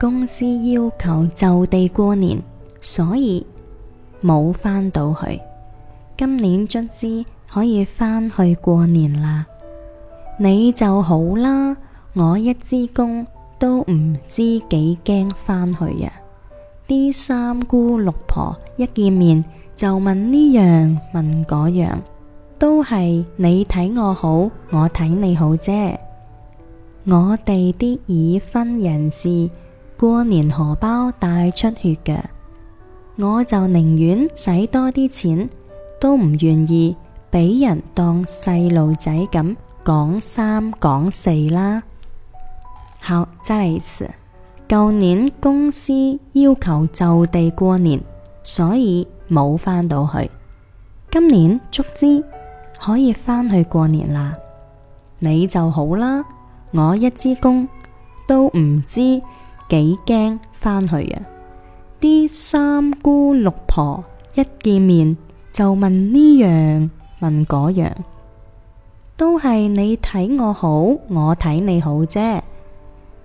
公司要求就地過年，所以冇返到去。今年卒之可以返去過年啦，你就好啦。我一支公都唔知幾驚返去啊。啲三姑六婆一見面就問呢樣問嗰樣，都係你睇我好，我睇你好啫。我哋啲已婚人士。過年荷包大出血嘅，我就寧願使多啲錢，都唔願意俾人當細路仔咁講三講四啦。好，再一次，舊年公司要求就地過年，所以冇返到去。今年卒之可以返去過年啦，你就好啦。我一支公都唔知。幾驚返去啊！啲三姑六婆一見面就問呢樣問嗰樣，都係你睇我好，我睇你好啫。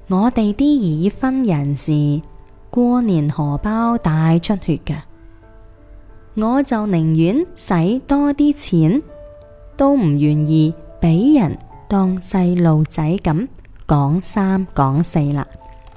我哋啲已婚人士過年荷包大出血㗎，我就寧願使多啲錢，都唔願意俾人當細路仔咁講三講四啦。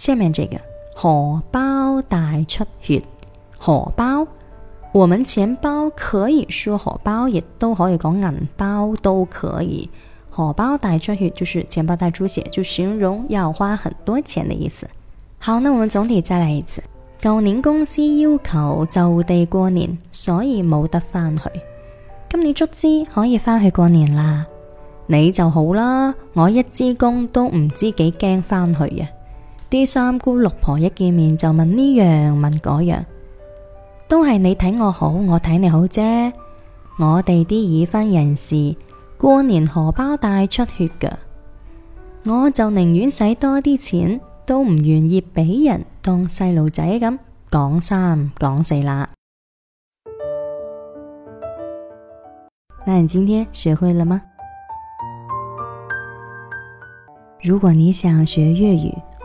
下面這個荷包大出血，荷包，我們錢包可以說荷包，亦都可以講銀包，都可以。荷包大出血就是錢包大出血，就形容要花很多錢的意思。好，那我們總體再嚟一次。舊年公司要求就地過年，所以冇得返去。今年卒之可以返去過年啦。你就好啦，我一支公都唔知幾驚返去啊。啲三姑六婆一見面就問呢樣問嗰樣，都係你睇我好，我睇你好啫。我哋啲已婚人士過年荷包大出血噶。我就寧願使多啲錢，都唔願意俾人當細路仔咁講三講四啦。那你今天學會了嗎？如果你想學粵語。